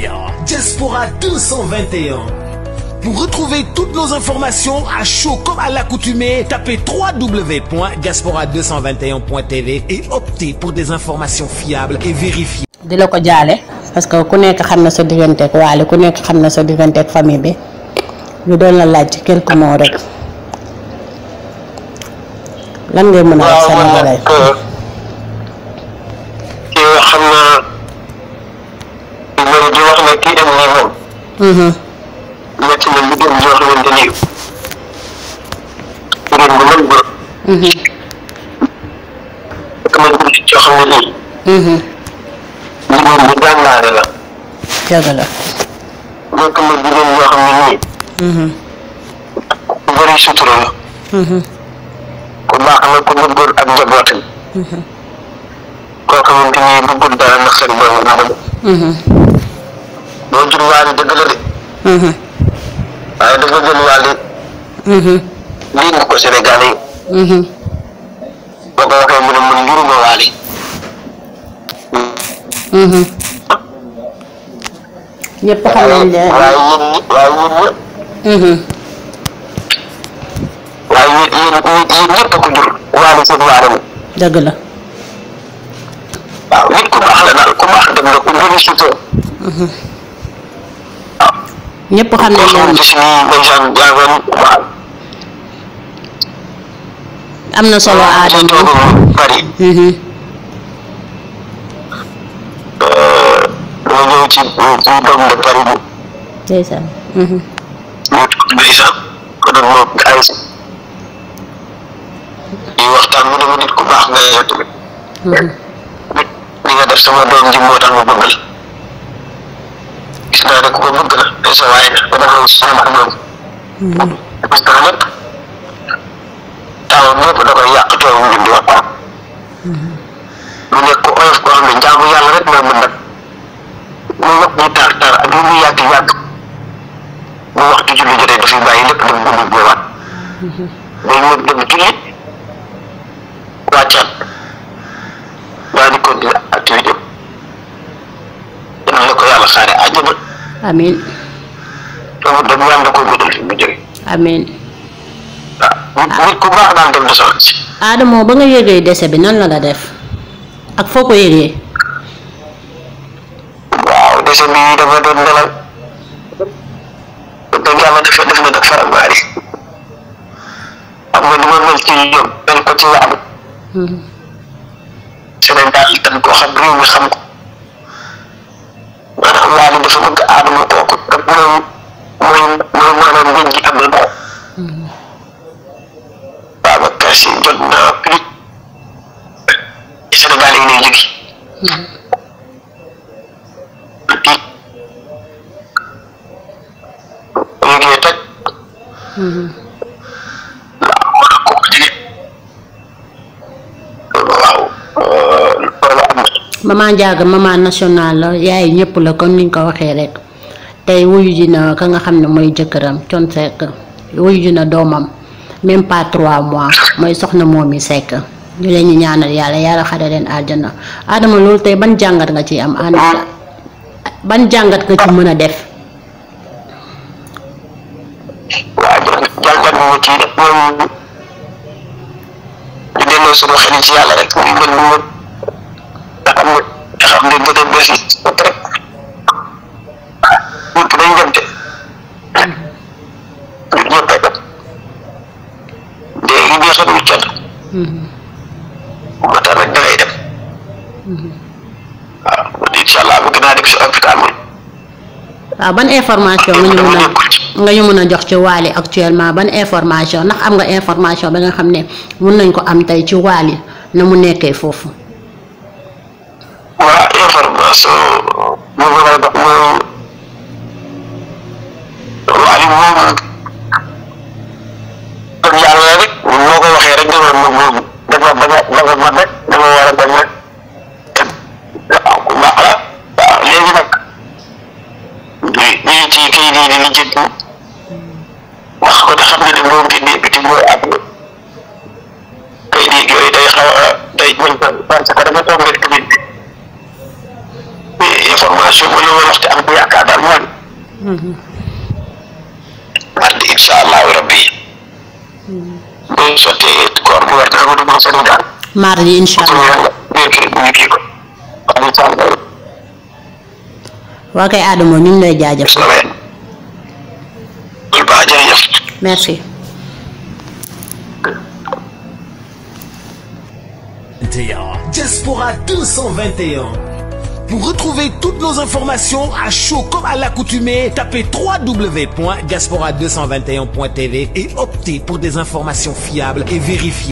2021. Diaspora 221. Pour retrouver toutes nos informations à chaud comme à l'accoutumée, tapez www.diaspora221.tv et optez pour des informations fiables et vérifiées. di la ko jaale parce que ku nekk xam na sa digganteeg waale ku nekk xam na sa digganteeg famille bi lu doon la laaj ci quelques mots lan ngay mën a wax. métti mm-hmm. na liggéey bi ñoo xamante ni kuréel bu mën ba. fekk mm-hmm. mm-hmm. na ñu ci xam ne nii. liggéey bu jàngale la. dëgg la. fekk na jigéen ñoo xam ne nii. ku bëri sutura la. ku baax la ku bëggoon ak njabootam. koo xamante ni bëggul dara naqari boobu doo jur waali dëgg la de. Mhm. waaye dafa jël waali. Mhm. lii nga ko Sénégalais yi. Mhm. boo ko waxee mu ne man juruma waali. ñëpp xam nañ ne waaye yéen ñi waaye yéen yéen ñëpp a ko jur waali seen dëgg la. ku baax la daal ku ñëpp xam nañ leen am na solo Adama ci doom de Paris bi. ndeysaan. ndeysaan kon waxtaan mu ne ma nit ku baax nga yow tamit. li nga def sama doom ji moo tax ma bëgg la. daanaka ko bëgg la déjà waaye dafa am solo ak ñoom. parce que lépp taw lépp da koy yàq coow mu di waxtaan. mu nekk ku oyof koo xam ne njaamu yàlla rek mooy mën nag mu lépp muy taar taar ak lu muy yàgg yàgg mu waxtu julli jotee dafay bàyyi lépp dem guddi ñëwaat. amiin. loolu dañu yàlla koy guddal bu jëriñ. amiin. waaw ah, nit ku baax daan dem desal ba nga yëgee dese bi nan la def ak foo ko yëgee. waaw dese bi dafa doon nelaw. dëgg def na dafa faram-baari. xam nga ma mel ci yow mel ko ci laam. Hmm. Sénégal dañ ko xam réew mi xam ko. maanaam laali dafa bëgg aadama toog rek mooy a ko la yaay ñëpp la comme niñ ko waxee rek. tey wuyu na ka nga xam ne mooy jëkkëram Thione Seck wuyu na doomam même pas mois mooy soxna moom Momy Seck ñu leen ñu ñaanal yàlla yàlla xare leen àjjana Adama loolu tey ban jàngat nga ci am ban jàngat nga ci mën a def. waaw jàngat bu ma ciy def moom ñu delloo suñu xel ci yàlla rek. moo tax ban information nga mën a jox ci Wally actuellement ban information ndax am nga information ba nga xam ne mun nañ ko am tey ci yi na mu nekkee foofu. waaw information ci kayit yi di lijjanti wax ko te xam ne ne moom génnee bitim mooy ab kayit yooyu day xaw a day mën ko parce que dama toog rek di incha ko du ma Sénégal mardi incha kii ko waa kay Adamo ñu ngi lay jaajëfal. merci. Diaspora 221. Pour retrouver toutes nos informations à chaud comme à l'accoutumée, tapez www.diaspora221.tv et optez pour des informations fiables et vérifiées.